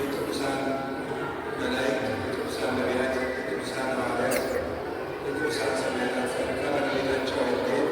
የቅዱሳን መላእክት፣ የቅዱሳን ነቢያት፣ የቅዱሳን ሐዋርያት፣ የቅዱሳን ሰማዕታት ከበረከታቸው አይለየን።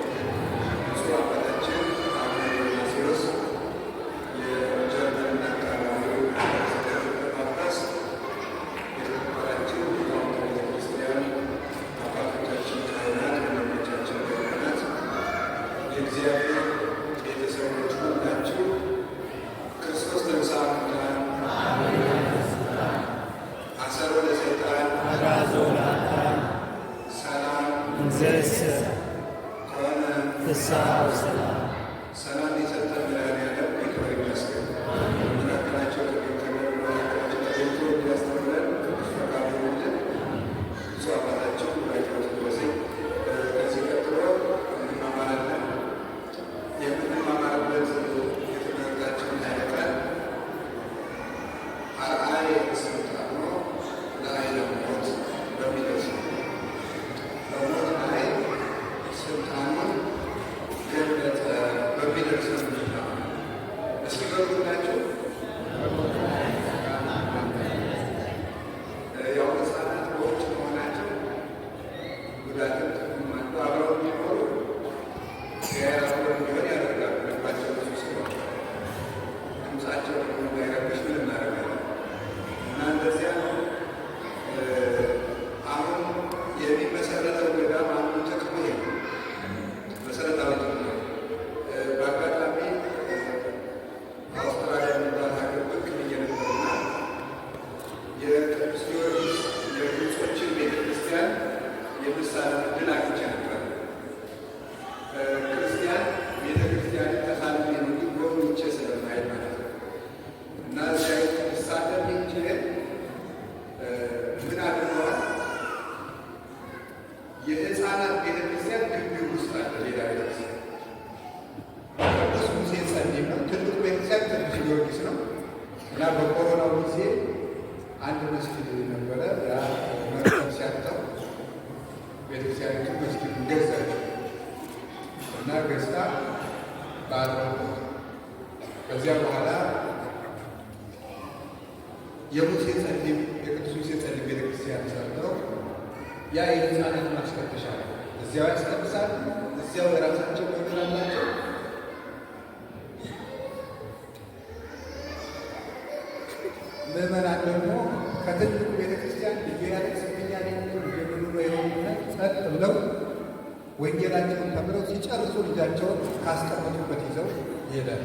ካስቀመጡበት ይዘው ይሄዳል።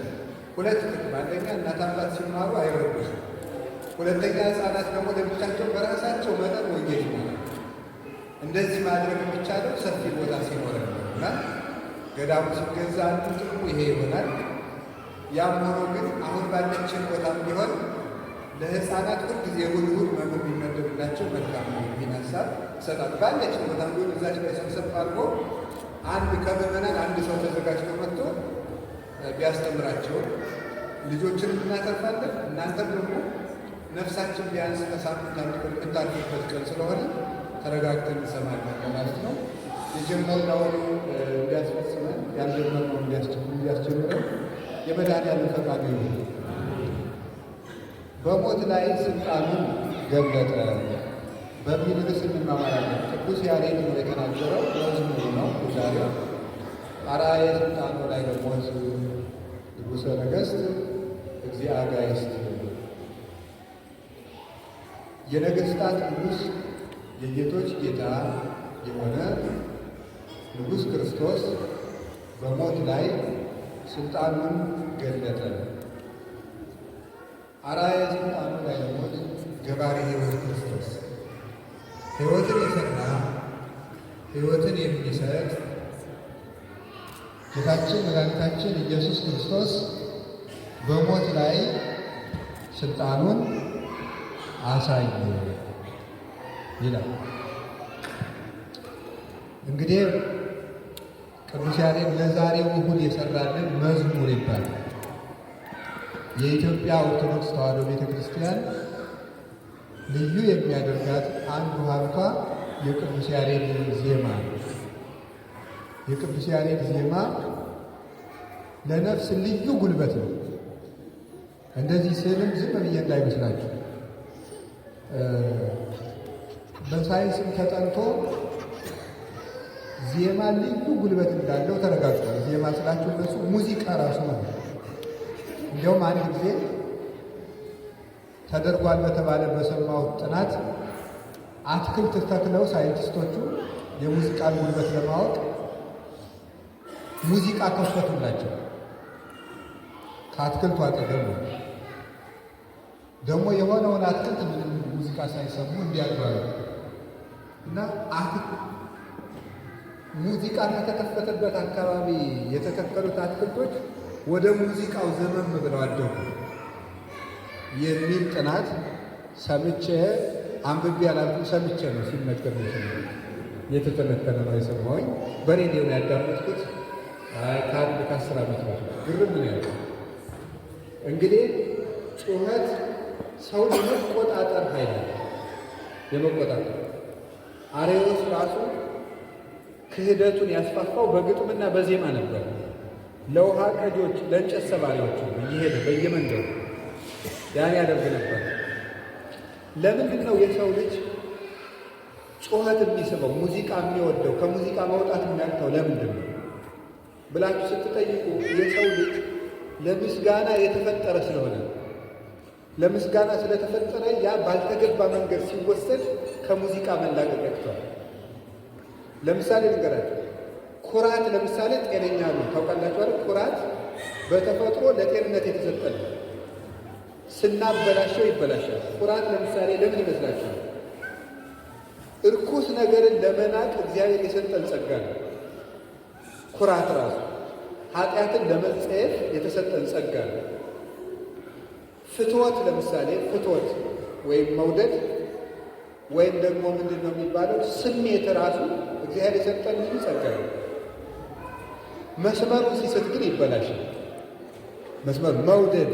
ሁለት ጥቅም፣ አንደኛ እናት አባት ሲማሩ አይረዱም። ሁለተኛ ህፃናት ደግሞ ለብቻቸው በራሳቸው መጠን ወንጌል ይሆናል። እንደዚህ ማድረግ የሚቻለው ሰፊ ቦታ ሲኖረ እና ገዳሙ ሲገዛ አንዱ ጥቅሙ ይሄ ይሆናል። ያም ሆኖ ግን አሁን ባለችን ቦታ ቢሆን ለህፃናት ሁልጊዜ ጊዜ እሑድ መምህር ቢመደብላቸው መልካም ነው የሚል ሀሳብ ይሰጣል። ባለችን ቦታ ቢሆን እዛች ላይ ሰብሰብ አድርጎ አንድ ከምዕመናን አንድ ሰው ተዘጋጅቶ መጥቶ ቢያስተምራቸው ልጆችን እናተርፋለን፣ እናንተም ደግሞ ነፍሳችን ቢያንስ ከሳምንት አንድ ቀን የምታርፉበት ቀን ስለሆነ ተረጋግተን እንሰማለን ማለት ነው። የጀመርነውን እንዲያስፈጽመን ያልጀመርነውን እንዲያስጀምረን የመድኃኔዓለም ፈቃዱ ይሁን። በሞት ላይ ስልጣኑን ገለጠ በሚል ርዕስ እንማማራለን። ቅዱስ ያሬድ የተናገረው። ለሕዝቡ ነው ዛሬ አርአየ ስልጣኑ ላይ ደግሞ ሕዝቡ ንጉሠ ነገሥት እግዚአ አጋዕዝት የነገሥታት ንጉሥ የጌቶች ጌታ የሆነ ንጉሥ ክርስቶስ በሞት ላይ ስልጣኑን ገለጠ። አርአየ ስልጣኑ ላይ ለሞት ገባሬ ህይወት ክርስቶስ ሕይወትን የሰራ ሕይወትን የሚሰጥ ጌታችን መድኃኒታችን ኢየሱስ ክርስቶስ በሞት ላይ ስልጣኑን አሳየ ይላል። እንግዲህ ቅዱስ ያሬድ ለዛሬው እሁድ የሰራልን መዝሙር ይባላል። የኢትዮጵያ ኦርቶዶክስ ተዋሕዶ ቤተ ክርስቲያን ልዩ የሚያደርጋት አንዱ ሀብቷ የቅዱስ ያሬድ ዜማ የቅዱስ ያሬድ ዜማ ለነፍስ ልዩ ጉልበት ነው። እንደዚህ ስልም ዝም ብዬ እንዳይመስላችሁ በሳይንስም ተጠንቶ ዜማ ልዩ ጉልበት እንዳለው ተረጋግጧል። ዜማ ስላችሁ እነሱ ሙዚቃ ራሱ ነው። እንዲያውም አንድ ጊዜ ተደርጓል በተባለ በሰማሁት ጥናት አትክልት ተክለው ሳይንቲስቶቹ የሙዚቃን ጉልበት ለማወቅ ሙዚቃ ከፈቱላቸው። ከአትክልቱ አጠገብ ደግሞ የሆነውን አትክልት ምንም ሙዚቃ ሳይሰሙ እንዲያጓሉ እና ሙዚቃ ከተከፈተበት አካባቢ የተተከሉት አትክልቶች ወደ ሙዚቃው ዘመም ብለው አደጉ የሚል ጥናት ሰምቼ አንብቤ አላልኩም፣ ሰምቼ ነው ሲነገር የተተነተነ ነው የሰማሁኝ። በሬዲዮ ነው ያዳመጥኩት። ከአንድ ከአስር ዓመት ነው ግርም ነው ያለ። እንግዲህ ጩኸት ሰው የመቆጣጠር ኃይል የመቆጣጠር አሬዎስ ራሱ ክህደቱን ያስፋፋው በግጥምና በዜማ ነበር። ለውሃ ቀጆች፣ ለእንጨት ሰባሪዎች እየሄደ በየመንደሩ ያን ያደርግ ነበር። ለምንድን ነው የሰው ልጅ ጩኸት የሚስበው ሙዚቃ የሚወደው ከሙዚቃ ማውጣት የሚያቅተው ለምንድን ነው ብላችሁ ስትጠይቁ የሰው ልጅ ለምስጋና የተፈጠረ ስለሆነ ለምስጋና ስለተፈጠረ ያ ባልተገባ መንገድ ሲወሰድ ከሙዚቃ መላቀቅ ያቅተዋል። ለምሳሌ ንገራችሁ ኩራት፣ ለምሳሌ ጤነኛ ነው ታውቃላችሁ። ኩራት በተፈጥሮ ለጤንነት የተሰጠ ነው። ስናበላሸው ይበላሻል። ቁርአን ለምሳሌ ለምን ይመስላችኋል? እርኩስ ነገርን ለመናቅ እግዚአብሔር የሰጠን ጸጋ ነው። ኩራት ራሱ ኃጢአትን ለመጸየፍ የተሰጠን ጸጋ ነው። ፍትወት ለምሳሌ ፍትወት ወይም መውደድ ወይም ደግሞ ምንድን ነው የሚባለው ስሜት ራሱ እግዚአብሔር የሰጠን ብዙ ጸጋ ነው። መስመሩን ሲስት ግን ይበላሻል። መስመር መውደድ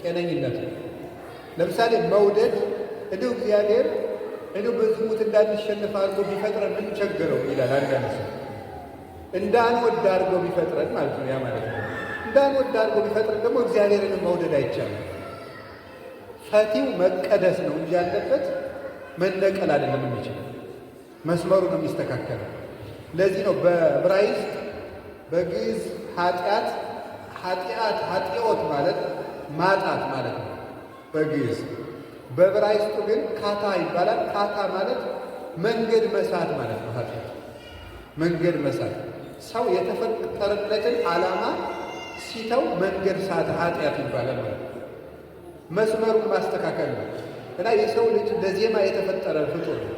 ጤነኝነት ነው። ለምሳሌ መውደድ እንደው እግዚአብሔር እንደው በዝሙት እንዳንሸነፍ አድርጎ ቢፈጥረን ምን ቸገረው ይላል። አንዳንድ ሰው እንዳንወድ አድርጎ ቢፈጥረን ማለት ነው። ያ ማለት ነው እንዳንወድ አድርጎ ቢፈጥረን ደግሞ እግዚአብሔርን መውደድ አይቻልም። ፈቲው መቀደስ ነው እንጂ ያለበት መነቀል አይደለም። የሚችል መስመሩ ነው የሚስተካከለው። ለዚህ ነው በዕብራይስጥ በግዕዝ ኃጢአት ኃጢአት ኃጢኦት ማለት ማጣት ማለት ነው። በግዕዝ በዕብራይስጡ ግን ካታ ይባላል። ካታ ማለት መንገድ መሳት ማለት ነው። ኃጢአት መንገድ መሳት ሰው የተፈጠረለትን ዓላማ ሲተው መንገድ ሳት ኃጢአት ይባላል ማለት ነው። መስመሩን ማስተካከል ነው እና የሰው ልጅ ለዜማ የተፈጠረ ፍጡር ነው።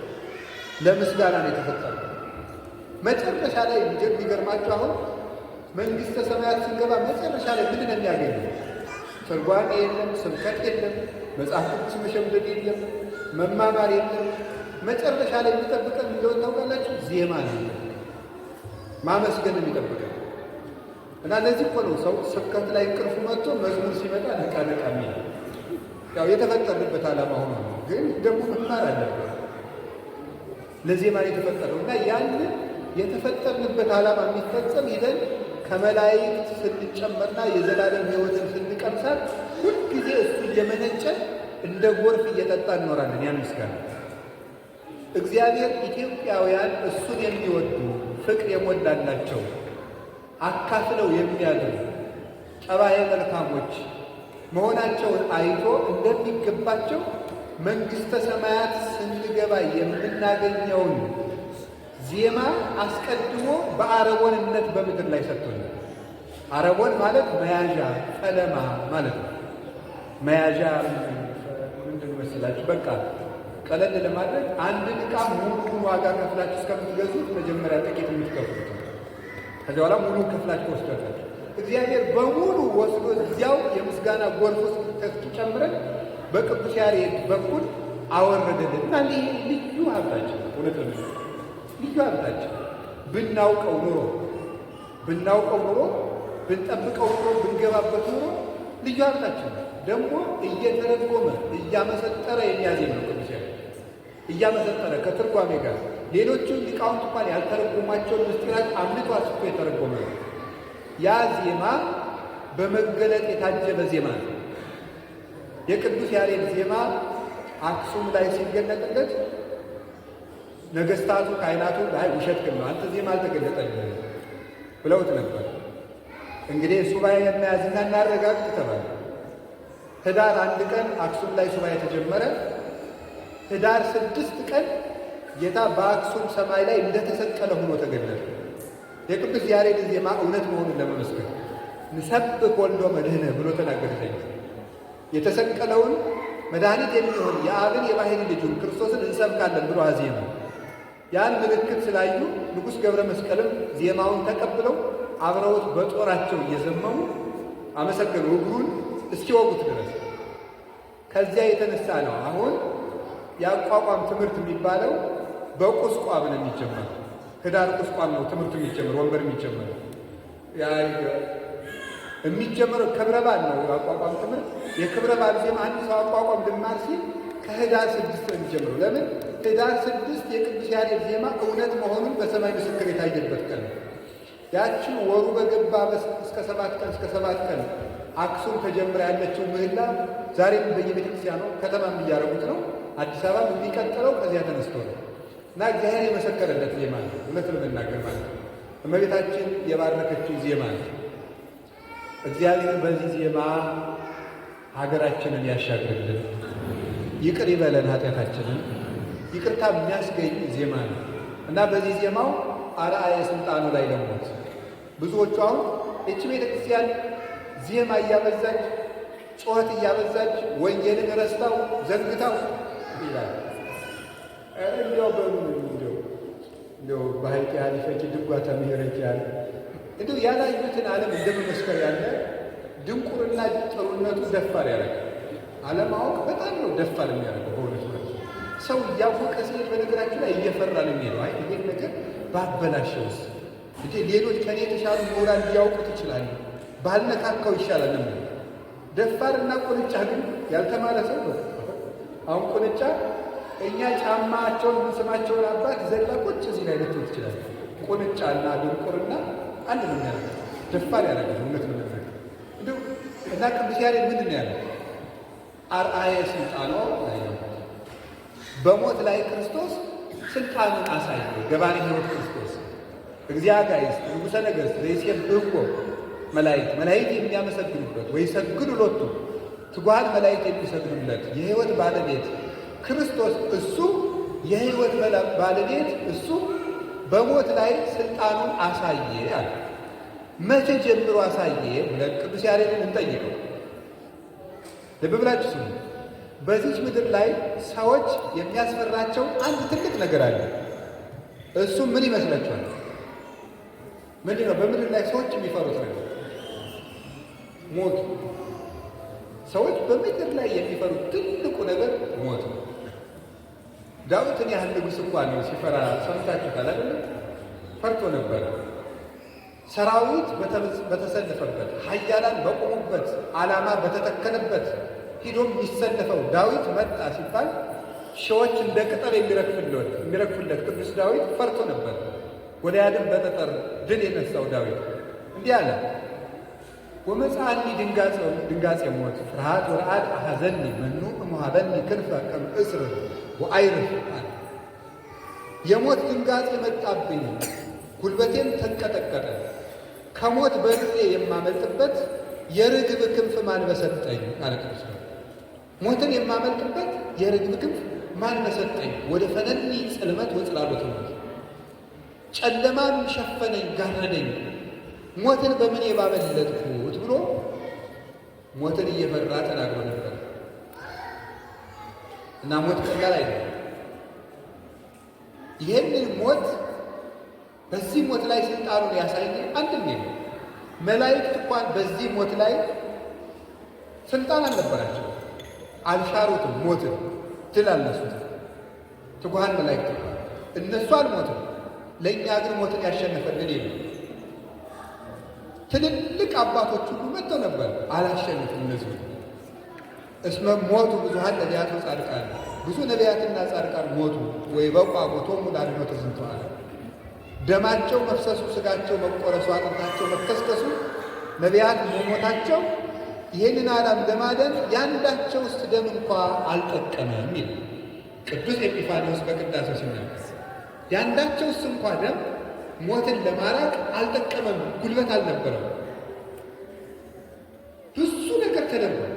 ለምስጋና ነው የተፈጠረ። መጨረሻ ላይ የሚገርማችሁ አሁን መንግሥተ ሰማያት ስንገባ መጨረሻ ላይ ምንድን ነው የሚያገኘው? ትርጓሜ የለም፣ ስብከት የለም፣ መጽሐፍ ቅዱስ መሸምደድ የለም፣ መማማር የለም። መጨረሻ ላይ የሚጠብቀን እንደሆነ ታውቃላችሁ፣ ዜማ ነው፣ ማመስገን የሚጠብቀን እና ለዚህ እኮ ነው ሰው ስብከት ላይ እንቅልፉ መጥቶ መዝሙር ሲመጣ ነቃ ነቃ የሚል ያው የተፈጠርንበት ዓላማ ሆኖ ነው። ግን ደግሞ መማር አለበት ለዜማ የተፈጠረው እና ያንን የተፈጠርንበት ዓላማ የሚፈጸም ይዘን ከመላእክት ስንጨመርና የዘላለም ሕይወትን ስንቀምሳት ሁልጊዜ እሱ እየመነጨን እንደ ጎርፍ እየጠጣ እንኖራለን። ያን ምስጋና እግዚአብሔር ኢትዮጵያውያን እሱን የሚወዱ ፍቅር የሞላላቸው አካፍለው የሚያድሩ ጠባየ መልካሞች መሆናቸውን አይቶ እንደሚገባቸው መንግሥተ ሰማያት ስንገባ የምናገኘውን ዜማ አስቀድሞ በአረቦንነት በምድር ላይ ሰጥቶኛል። አረቦን ማለት መያዣ ቀለማ ማለት ነው። መያዣ ምንድን መስላችሁ? በቃ ቀለል ለማድረግ አንድን እቃ ሙሉ ዋጋ ከፍላችሁ እስከምትገዙት መጀመሪያ ጥቂት የምትከፍሉት ከዚያ በኋላ ሙሉ ከፍላችሁ ወስደታችሁ እግዚአብሔር በሙሉ ወስዶ እዚያው የምስጋና ጎርፍ ውስጥ እስኪጨምረን በቅዱስ ያሬድ በኩል አወረደልን እና ልዩ ሀብታችን እውነት ነው። ልዩ አላቸው። ብናውቀው ኑሮ ብናውቀው ኑሮ ብንጠብቀው ኑሮ ብንገባበት ኑሮ ልዩ አላቸው። ደግሞ እየተረጎመ እያመሰጠረ የሚያዜም ነው ቅዱስ እያመሰጠረ ከትርጓሜ ጋር ሌሎቹን ሊቃውንት እንኳን ያልተረጎማቸውን ምስጢራት አምልጦ አስፎ የተረጎመ ነው። ያ ዜማ በመገለጥ የታጀበ ዜማ ነው። የቅዱስ ያሬድ ዜማ አክሱም ላይ ሲገለጥለት ነገስታቱ፣ ካህናቱ ላይ ውሸት ግን ነው አንተ ዜማ አልተገለጠል ብለውት ነበር። እንግዲህ ሱባኤ እናያዝና እናረጋግጥ ተባለ። ህዳር አንድ ቀን አክሱም ላይ ሱባኤ ተጀመረ። ህዳር ስድስት ቀን ጌታ በአክሱም ሰማይ ላይ እንደተሰቀለ ሆኖ ተገለጠ። የቅዱስ ያሬድ ዜማ እውነት መሆኑን ለመመስገን ንሰብክ ወልዶ መድህነ ብሎ ተናገረ። የተሰቀለውን መድኃኒት የሚሆን የአብን የባህሪ ልጁን ክርስቶስን እንሰብካለን ብሎ አዜመ። ያን ምልክት ስላዩ ንጉሥ ገብረ መስቀልም ዜማውን ተቀብለው አብረውት በጦራቸው እየዘመሙ አመሰገኑ፣ እግሩን እስኪወጉት ድረስ። ከዚያ የተነሳ ነው አሁን የአቋቋም ትምህርት የሚባለው በቁስቋም ነው የሚጀመረው። ህዳር ቁስቋም ነው ትምህርቱ የሚጀመር ወንበር የሚጀመረው የሚጀመረው ክብረ በዓል ነው። አቋቋም ትምህርት የክብረ በዓል ዜማ አንድ ሰው አቋቋም ድማር ሲል ከህዳር ስድስት ነው የሚጀምረው። ለምን ህዳር ስድስት የቅዱስ ያሬድ ዜማ እውነት መሆኑን በሰማይ ምስክር የታየበት ቀን ያችን ወሩ በገባ እስከ ሰባት ቀን እስከ ሰባት ቀን አክሱም ተጀምራ ያለችው ምህላ ዛሬም በየቤተ ከተማም እያደረጉት ነው። አዲስ አበባ የሚቀጥለው ከዚያ ተነስቶ ነው እና እግዚአብሔር የመሰከረለት ዜማ ነው። እውነት ለመናገር ማለት ነው እመቤታችን የባረከችው ዜማ ነው። እግዚአብሔር በዚህ ዜማ ሀገራችንን ያሻግርልን፣ ይቅር ይበለን ኃጢአታችንን ይቅርታ የሚያስገኝ ዜማ ነው እና በዚህ ዜማው አርአየ ስልጣኑ ላይ ለሞት ብዙዎቹ አሁን እች ቤተ ክርስቲያን ዜማ እያበዛች ጩኸት እያበዛች ወንጌልን ረስታው ዘንግታው ይላል። እንዲያው በእንዲያው በሀይቅ ያህል ፈች ድጓ ተምህረት ያህል እንዲሁ ያላዩትን ዓለም እንደመመስከር ያለ ድንቁርና ጥሩነቱ ደፋር ያደርጋል። አለማወቅ በጣም ነው ደፋር የሚያደርገው ሰው እያወቀ ሲሄድ በነገራችን ላይ እየፈራ ነው የሚሄደው። አይ ይሄን ነገር ባበላሸውስ እ ሌሎች ከኔ የተሻሉ ሞራል ሊያውቁት ይችላሉ፣ ባልነካካው ይሻላል ነው እና ቁንጫ ግን ያልተማረ ሰው ነው። አሁን ቁንጫ እኛ ጫማቸውን ምንስማቸውን አባት ዘላ ቁጭ እዚህ ላይ ልትሆን ትችላል። ቁንጫና ድንቁርና አንድ ነው ያለ ደፋር ያለ እውነት ነው እንዲሁ እና ቅዱስ ያሬድ ምንድን ነው ያለ አርአየ ስልጣኖ በሞት ላይ ክርስቶስ ስልጣኑን አሳየ። ገባነ ህይወት ክርስቶስ እግዚአ ጋይስ ንጉሠ ነገሥት ዘይሴብህዎ መላእክት መላእክት የሚያመሰግኑበት ወይ ሰግዱ ሎቱ ትጓሃን መላእክት የሚሰግዱለት የህይወት ባለቤት ክርስቶስ እሱ የህይወት ባለቤት እሱ በሞት ላይ ስልጣኑን አሳየ አለ። መቼ ጀምሮ አሳየ ብለን ቅዱስ ያሬድን እንጠይቀው። ልብ ብላችሁ ስሙ። በዚች ምድር ላይ ሰዎች የሚያስፈራቸው አንድ ትልቅ ነገር አለ። እሱ ምን ይመስላችኋል? ምንድን ነው? በምድር ላይ ሰዎች የሚፈሩት ነገር ሞት። ሰዎች በምድር ላይ የሚፈሩት ትልቁ ነገር ሞት ነው። ዳዊትን ያህል ንጉሥ እንኳ ነው ሲፈራ ሰምታችሁታል አይደለም? ፈርቶ ነበረ። ሰራዊት በተሰለፈበት፣ ኃያላን በቆሙበት፣ ዓላማ በተተከለበት ሂዶም የሚሰለፈው ዳዊት መጣ ሲባል ሸዎች እንደ ቅጠል የሚረግፍለት የሚረግፉለት ቅዱስ ዳዊት ፈርቶ ነበር። ጎልያድን በጠጠር ድል የነሳው ዳዊት እንዲህ አለ ወመጽአኒ ድንጋጼ ሞት ፍርሃት ወርአድ አሐዘኒ መኑ እሞሃበኒ ክንፈ ከም እስር ወአይርፍ አለ። የሞት ድንጋጼ መጣብኝ፣ ጉልበቴም ተንቀጠቀጠ። ከሞት በልጤ የማመልጥበት የርግብ ክንፍ ማን በሰጠኝ አለ ቅዱስ ሞትን የማመልክበት የርግብ ክንፍ ማን በሰጠኝ ወደ ፈነኒ ጽልመት ወጽላሎት ነው ጨለማን ሸፈነኝ ጋረደኝ ሞትን በምን የባበለጥኩት ብሎ ሞትን እየፈራ ተናግሮ ነበር እና ሞት ቀላል አይደለም። ይህንን ሞት በዚህ ሞት ላይ ስልጣኑን ያሳየ አንድም የለም። መላእክት እንኳን በዚህ ሞት ላይ ስልጣን አልነበራቸው። አልሻሩትም። ሞትን ድል አልነሱት። ትጉሃን መላእክት እነሱ አልሞትም። ለእኛ ግን ሞትን ያሸነፈልን የለም። ትልልቅ አባቶች ሁሉ መጥተው ነበር፣ አላሸነፉም። እነዚህ እስመ ሞቱ ብዙሀን ነቢያት ወጻድቃን፣ ብዙ ነቢያትና ጻድቃን ሞቱ። ወይበቋ ሞቶሙ ለአድኅኖተ ዝንቱ ዓለም ደማቸው መፍሰሱ፣ ስጋቸው መቆረሱ፣ አጥንታቸው መከስከሱ፣ ነቢያት መሞታቸው ይህንን ዓለም ለማዳን ያንዳቸው ውስጥ ደም እንኳ አልጠቀመም ይል ቅዱስ ኤጲፋንዮስ በቅዳሴው ሲናገር ያንዳቸው ውስጥ እንኳ ደም ሞትን ለማራቅ አልጠቀመም፣ ጉልበት አልነበረም። ብዙ ነገር ተደርጓል።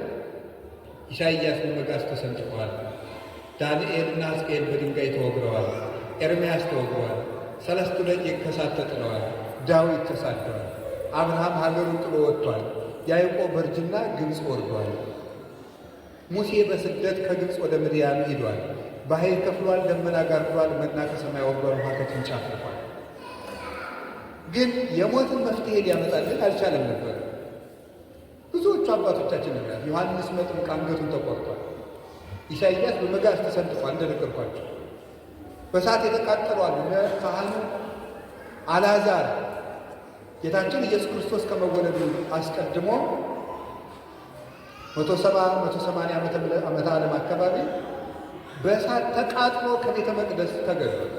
ኢሳይያስ በመጋዝ ተሰንጥቀዋል። ዳንኤልና ሕዝቅኤል በድንጋይ ተወግረዋል። ኤርምያስ ተወግረዋል። ሰለስቱ ደቂቅ ተሳተጥለዋል። ዳዊት ተሳደዋል። አብርሃም ሀገሩን ጥሎ ወጥቷል። ያዕቆብ እርጅና ግብፅ ወርዷል። ሙሴ በስደት ከግብፅ ወደ ምድያም ሂዷል። ባሕር ከፍሏል፣ ደመና ጋርዷል፣ መና ከሰማይ ወርዷል፣ ውሃ ከጭንጫ ግን የሞትን መፍትሄ ሊያመጣልን አልቻለም ነበር። ብዙዎቹ አባቶቻችን ምክንያት ዮሐንስ መጥምቅ አንገቱን ተቆርጧል። ኢሳይያስ በመጋዝ ተሰንጥፏል እንደነገርኳቸው በእሳት የተቃጠሉ አሉ። ካህኑ አልዓዛር ጌታችን ኢየሱስ ክርስቶስ ከመወለዱ አስቀድሞ መቶ ሰባ መቶ ሰማንያ ዓመተ ዓለም አካባቢ በእሳት ተቃጥሎ ከቤተ መቅደስ ተገደሉ።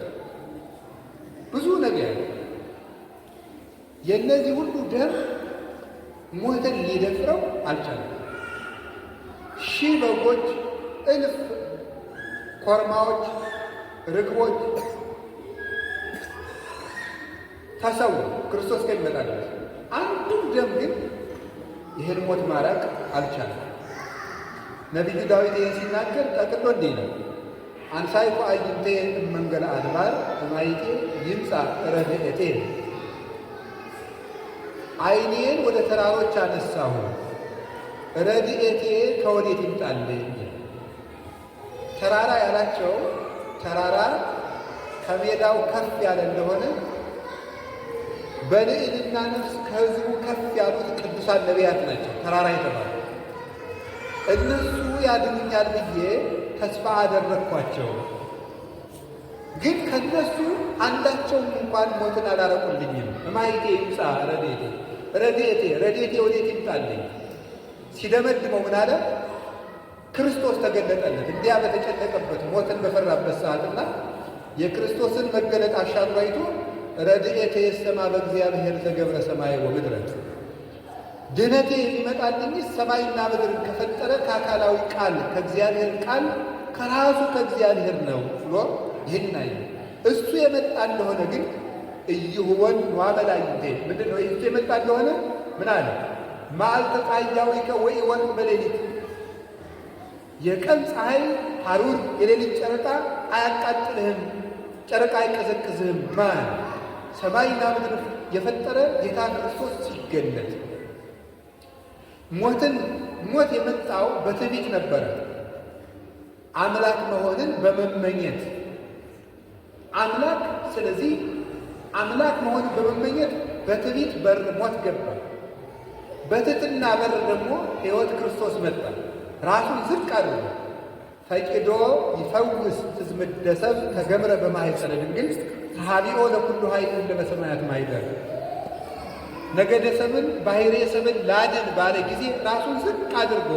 ብዙ ነቢያት የእነዚህ ሁሉ ደም ሞትን ሊደፍረው አልቻለም። ሺህ በጎች፣ እልፍ ኮርማዎች ርግቦት ታሳው ክርስቶስ ከሚመጣ ይመጣል። አንዱም ደም ግን ይህን ሞት ማራቅ አልቻለም። ነቢዩ ዳዊት ይህን ሲናገር ጠቅሎ እንዲህ ነው አንሳይኮ አይንቴ እመንገለ አድባር እማይቴ ይምፃ ረድኤቴ አይኔን ወደ ተራሮች አነሳሁ ረድኤቴ ከወዴት ይምጣልኝ? ተራራ ያላቸው ተራራ ከሜዳው ከፍ ያለ እንደሆነ በልዕልና ነፍስ ከሕዝቡ ከፍ ያሉት ቅዱሳን ነቢያት ናቸው። ተራራ የተባሉ እነሱ ያድኑኛል ብዬ ተስፋ አደረግኳቸው። ግን ከነሱ አንዳቸውም እንኳን ሞትን አላረቁልኝም። እማይቴ ይምፃ ረዴቴ ረዴቴ ረዴቴ ወዴት ይምጣልኝ ሲደመድመው ምን አለ? ክርስቶስ ተገለጠለት። እንዲያ በተጨነቀበት ሞትን በፈራበት ሰዓትና የክርስቶስን መገለጥ አሻግሮ አይቶ ረድኤቴ የሰማ በእግዚአብሔር ዘገብረ ሰማይ ወምድረት ድነቴ የሚመጣልኝ ሰማይና ምድር ከፈጠረ ከአካላዊ ቃል ከእግዚአብሔር ቃል ከራሱ ከእግዚአብሔር ነው ብሎ ይህን አየ። እሱ የመጣ እንደሆነ ግን እይሁወን ዋበላይቴ ምንድን ነው? እሱ የመጣ እንደሆነ ምን አለ? መዓልተ ቃያዊከ ወኢወን በሌሊት የቀን ፀሐይ ሐሩር የሌሊት ጨረቃ አያቃጥልህም፣ ጨረቃ አይቀዘቅዝህም። ማን ሰማይና ምድር የፈጠረ ጌታ ክርስቶስ ሲገለጥ ሞትን ሞት የመጣው በትዕቢት ነበረ። አምላክ መሆንን በመመኘት አምላክ ስለዚህ አምላክ መሆንን በመመኘት በትዕቢት በር ሞት ገባ። በትሕትና በር ደግሞ ሕይወት ክርስቶስ መጣ። ራሱን ዝቅ አድርጎ ፈቂዶ ይፈውስ እዝምደ ተገብረ በማኅፀነ ድንግል ሰሐቢኦ ለኩሉ ኃይል ለበሰማያት ማይደር ነገደ ሰብን ባህሬ ሰብን ላድን ባለ ጊዜ ራሱን ዝቅ አድርጎ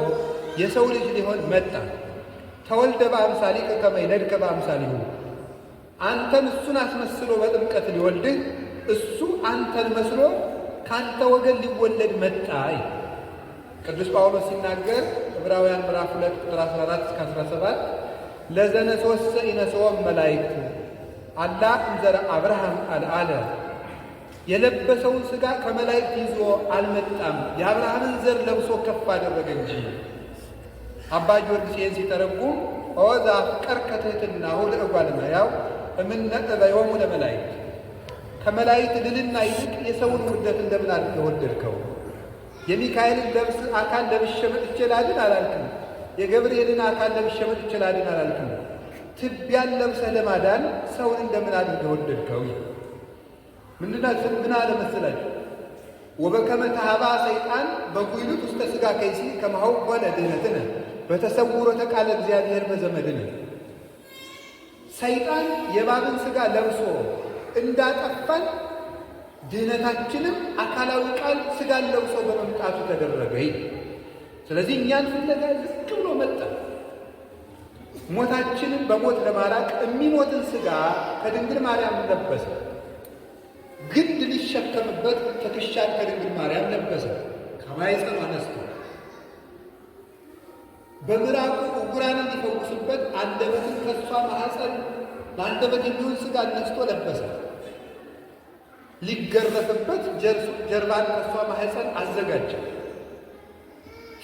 የሰው ልጅ ሊሆን መጣ። ተወልደ በአምሳሊ ከመ ነድከ በአምሳሊ አንተን እሱን አስመስሎ በጥምቀት ሊወልድህ እሱ አንተን መስሎ ከአንተ ወገን ሊወለድ መጣ። ቅዱስ ጳውሎስ ሲናገር ዕብራውያን ምዕራፍ 2 ቁጥር 14 እስከ 17 ለዘነሶሰ ይነሶም መላእክቱ አላህ እንዘረ አብርሃም አልአለ የለበሰውን ሥጋ ከመላእክት ይዞ አልመጣም፣ የአብርሃምን ዘር ለብሶ ከፍ አደረገ እንጂ። አባ ጊዮርጊስ ይህን ሲተረጉም ኦ ዘአፍቀርከ ትሕትናሁ ያው እመሕያው እምነጥበዮሙ ለመላእክት ከመላእክት ልልና ይልቅ የሰውን ውርደት እንደምን አድርገህ ወደድከው? የሚካኤልን ለብስ አካል ለብሼ መጥቼ ላድን አላልክም። የገብርኤልን አካል ለብሼ መጥቼ ላድን አላልክም። ትቢያን ለብሰህ ለማዳን ሰውን እንደምን አድርገህ ወደድከው? ምንድና ምን አለ መሰላችሁ? ወበከመ ተሃባ ሰይጣን በኩይሉት ውስተ ሥጋ ከይሲ ከማሁ ኮነ ድህነትነ በተሰውሮ ተቃለ እግዚአብሔር በዘመድነ። ሰይጣን የባብን ሥጋ ለብሶ እንዳጠፋን ድህነታችንም አካላዊ ቃል ሥጋን ለብሶ በመምጣቱ ተደረገ። ስለዚህ እኛን ፍለጋ ዝቅ ብሎ መጣ። ሞታችንን በሞት ለማራቅ የሚሞትን ስጋ ከድንግል ማርያም ለበሰ። ግድ ሊሸከምበት ትከሻን ከድንግል ማርያም ለበሰ። ከማኅፀኗ አነስቶ በምራቁ ዕውራን እንዲፈውሱበት አንደበትን ከእሷ ማኅፀን ለአንደበት የሚሆን ስጋ ነስቶ ለበሰ። ሊገረፍበት ጀርባን ከእሷ ማህፀን አዘጋጀ።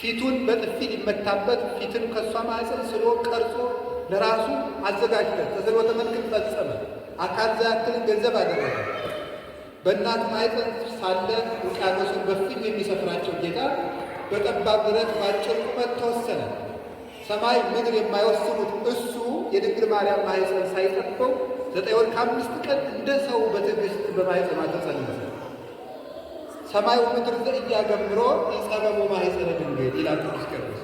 ፊቱን በጥፊ ሊመታበት ፊትን ከእሷ ማህፀን ስሎ ቀርጾ ለራሱ አዘጋጅተ ተዘልወተ መልክት ፈጸመ። አካል ዘያክልን ገንዘብ አደረገ። በእናት ማህፀን ሳለ ውቅያኖስን በፊት የሚሰፍራቸው ጌታ በጠባብ ብረት በአጭር ቁመት ተወሰነ። ሰማይ ምድር የማይወስኑት እሱ የድንግል ማርያም ማህፀን ሳይጠበው ዘጠኝ ወር ከአምስት ቀን እንደ ሰው በትዕግስት በማኅፀኗ ተጸነሰ። ሰማዩ ምድር ዘኢያገብሮ ኢጸበቦ ማኅፀነ ድንግል ይላል ቅዱስ ቄርሎስ።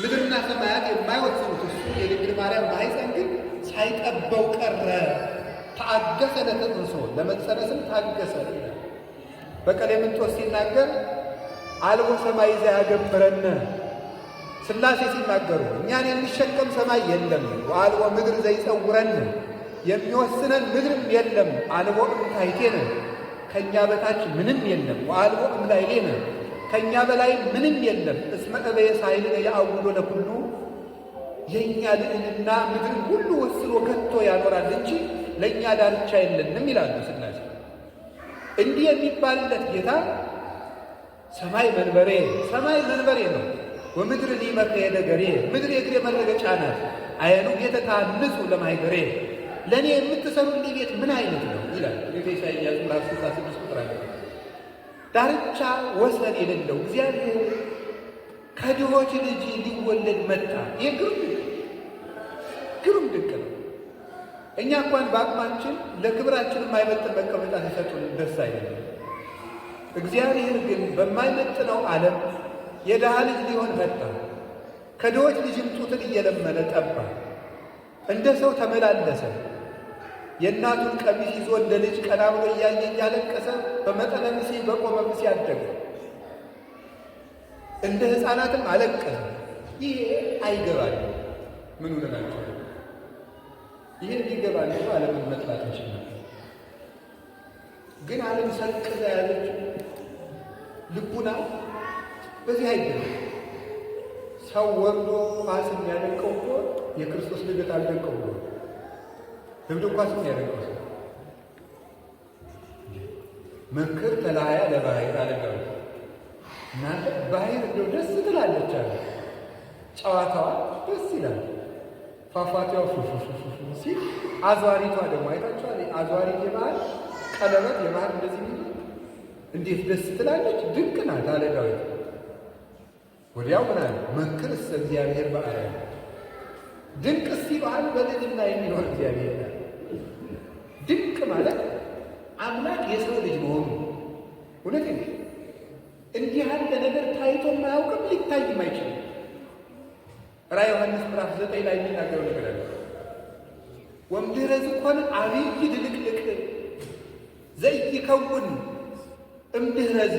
ምድርና ሰማያት የማይወስኑት እሱ የድንግል ማርያም ማኅፀን ግን ሳይጠበው ቀረ። ታገሰ ለተጽንሶ ለመጸነስም ታገሰ። በቀሌ ምንጦስ ሲናገር አልቦ ሰማይ ዘያገብረነ ስላሴ ሲናገሩ እኛን የሚሸከም ሰማይ የለም። አልቦ ምድር ዘይጸውረን የሚወስነን ምድርም የለም። አልቦ እምታሕቴነ ከእኛ በታች ምንም የለም። ወአልቦ እምላዕሌነ ከእኛ በላይ ምንም የለም። እስመ እበየ ሳይልነ የአውሎ ለኩሉ የእኛ ልዕልና ምድር ሁሉ ወስኖ ከቶ ያኖራል እንጂ ለእኛ ዳርቻ የለንም ይላሉ ሥላሴ። እንዲህ የሚባልለት ጌታ ሰማይ መንበሬ ሰማይ መንበሬ ነው። ወምድር ሊመከ የነገሬ ምድር የእግሬ መረገጫ ናት። አየኑ ጌተታንጹ ለማይገሬ ለእኔ የምትሰሩልኝ ቤት ምን አይነት ነው ይላል ቤተ ኢሳያስ ምዕራፍ ስልሳ ስድስት ቁጥር ዳርቻ ወሰን የሌለው እግዚአብሔር ከድሆች ልጅ ሊወለድ መጣ። ይህ ግሩም ድንቅ ነው። እኛ እንኳን በአቅማችን ለክብራችን የማይመጥን መቀመጫ ሲሰጡን ደስ አይለ እግዚአብሔር ግን በማይመጥነው ዓለም የድሃ ልጅ ሊሆን መጣ። ከድሆች ልጅም ጡትን እየለመነ ጠባ። እንደ ሰው ተመላለሰ። የእናቱን ቀሚስ ይዞ እንደ ልጅ ቀና ብሎ እያየ እያለቀሰ በመጠነ ምሴ በቆመ ምሴ አደገ። እንደ ሕፃናትም አለቀሰ። ይሄ አይገባል። ምን ናቸው? ይሄ ሊገባ ነው። ዓለምን መጥላት ይችላል። ግን ዓለም ሰቅዛ ያለች ልቡና በዚህ አይገባል። ሰው ወርዶ ኳስ የሚያደንቀው እኮ የክርስቶስ ልደት አልደንቀው እብድ እንኳ ስንት ያደረገው ምክር ተላያ ለባህር አለጋው እናንተ ባህር እንደው ደስ ትላለች አለ። ጨዋታዋ ደስ ይላል። ፏፏቴዋ ፉፉፉፉ ሲል አዟሪቷ ደግሞ አይታችኋል። አዟሪት የባህር ቀለበት የባህር እንደዚህ ሚሉ እንዴት ደስ ትላለች! ድንቅ ናት አለ ዳዊት። ወዲያው ምን አለ? መክር እስከ እግዚአብሔር በአርአያ ድንቅ እስቲ ባህል የሚኖር እግዚአብሔር ማለት አምላክ የሰው ልጅ መሆኑ እውነት ይ እንዲህ ያለ ነገር ታይቶ ማያውቅም ሊታይም አይችልም። ራ ዮሐንስ ምዕራፍ ዘጠኝ ላይ የሚናገረው ነገር አለ። ወምድኅረ ዝኮነ አብይ ድልቅልቅ ዘይከውን እምድኅረዝ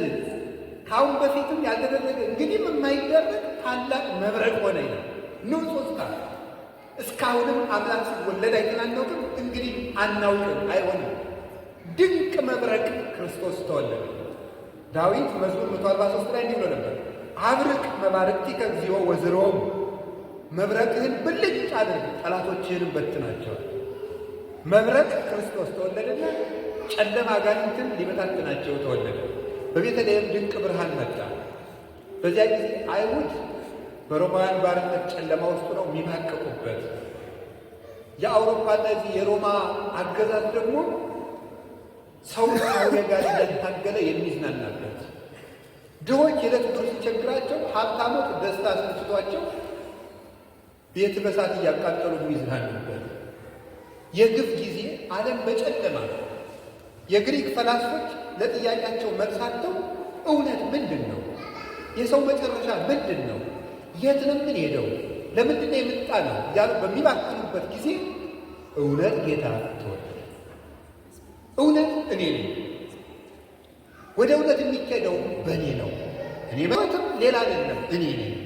ከአሁን በፊትም ያልተደረገ እንግዲህም የማይደረግ ታላቅ መብረቅ ሆነ ይላል። ንጹ እስካሁንም አምላክ ሲወለድ አይተናነውቅም እንግዲህ አናውቅም፣ አይሆንም። ድንቅ መብረቅ ክርስቶስ ተወለደ። ዳዊት መዝሙር 143 ላይ እንዲህ ብሎ ነበር፣ አብርቅ መባረቅቲከ እግዚኦ ወዝሮም፣ መብረቅህን ብልጭ አድርግ ጠላቶችህንም በትናቸዋል። መብረቅ ክርስቶስ ተወለደና ጨለማ አጋንንትን ሊበታትናቸው ተወለደ። በቤተልሔም ድንቅ ብርሃን መጣ። በዚያ ጊዜ አይሁድ በሮማውያን ባርነት ጨለማ ውስጥ ነው የሚማቀቁበት የአውሮፓ ነዚ የሮማ አገዛዝ ደግሞ ሰው ከአውሬ ጋር እያታገለ የሚዝናናበት ድሆች የዕለት ጉርስ ሲቸግራቸው፣ ሀብታሞች ደስታ ስንስቷቸው ቤት በሳት እያቃጠሉ የሚዝናኑበት የግፍ ጊዜ ዓለም በጨለማ የግሪክ ፈላስፎች ለጥያቄያቸው መልሳቸው እውነት ምንድን ነው? የሰው መጨረሻ ምንድን ነው? የት ነው ሄደው? ለምንድን ነው የምጣ ነው እያሉ በሚባክሉበት ጊዜ እውነት ጌታ ተወደደ። እውነት እኔ ነው። ወደ እውነት የሚካሄደው በእኔ ነው። እኔ ማለትም ሌላ አይደለም፣ እኔ ነኝ።